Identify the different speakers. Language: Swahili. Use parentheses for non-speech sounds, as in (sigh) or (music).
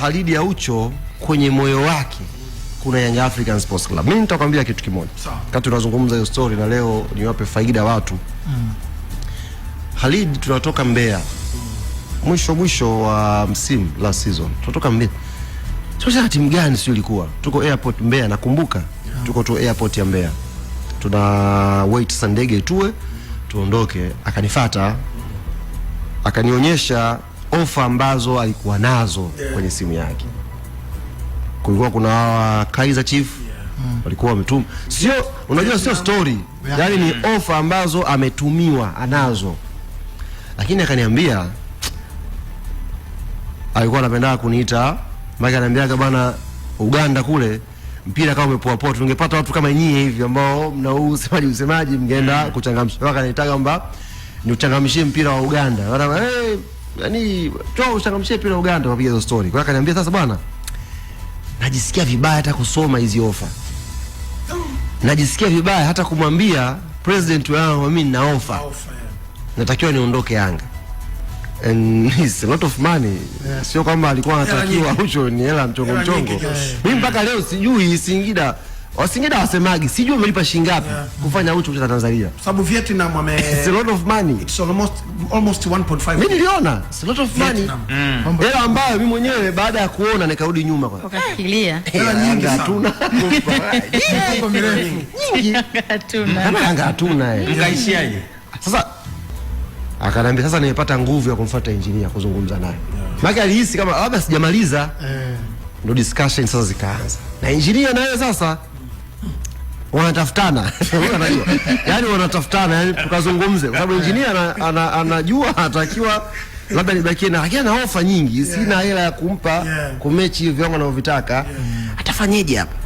Speaker 1: Halidi Aucho kwenye moyo wake kuna Young African Sports Club. Mimi nitakwambia kitu kimoja kati tunazungumza hiyo story, na leo niwape faida watu mm. Halidi tunatoka Mbeya mwisho mwisho wa uh, msimu last season tunatoka Mbeya, sasa timu gani sio, ilikuwa tuko airport Mbeya, nakumbuka yeah. Tuko tu airport ya Mbeya tuna wait sandege tuwe tuondoke, akanifata akanionyesha ofa ambazo alikuwa nazo yeah. kwenye simu yake. Kulikuwa kuna hawa Kaizer Chief yeah. walikuwa wametuma, sio unajua, sio story, yaani ni ofa ambazo ametumiwa anazo, lakini akaniambia alikuwa anapenda kuniita maki, ananiambia bwana, Uganda kule mpira kama umepoa poa, tungepata watu kama nyie hivi ambao mna huu usemaji usemaji, mngeenda mm. kuchangamsha. Wakanitaka kwamba niuchangamshie mpira wa Uganda. Hey, yani toa uchangamshie pia Uganda kwa hizo story. Kwa akaniambia sasa, bwana, najisikia vibaya hata kusoma hizi ofa, najisikia vibaya hata kumwambia president wangu mimi nina ofa, natakiwa niondoke Yanga. And it's (laughs) a lot of money. Sio kwamba alikuwa anatakiwa ucho (laughs) ni hela mchongo mchongo. Mimi mpaka leo sijui Singida Wasingida wasemagi, sijui umelipa shilingi ngapi yeah, kufanya hucho cha Tanzania.
Speaker 2: Sababu Vietnam wame (laughs)
Speaker 1: It's a lot of money.
Speaker 2: It's almost almost 1.5.
Speaker 1: Mimi niliona it's a lot of Vietnam. money. Mm. Hela ambayo mimi mwenyewe baada ya kuona nikarudi nyuma kwa.
Speaker 3: Ukafikiria.
Speaker 1: Hela nyingi hatuna.
Speaker 3: Mambo mirefu. Nyingi (laughs) hatuna.
Speaker 1: Hela nyingi hatuna eh.
Speaker 2: Mkaishiaje?
Speaker 1: Sasa akaniambia sasa nimepata nguvu ya kumfuata engineer kuzungumza naye. Yeah. Maana alihisi kama labda sijamaliza. Eh. Ndio discussion sasa zikaanza. Na engineer naye sasa wanatafutana unajua, (laughs) yani wanatafutana, yani tukazungumze, kwa sababu engineer anajua hatakiwa labda nibakie na lakini ana ofa nyingi, sina hela ya kumpa kumechi viwango anavyovitaka, atafanyeje hapa?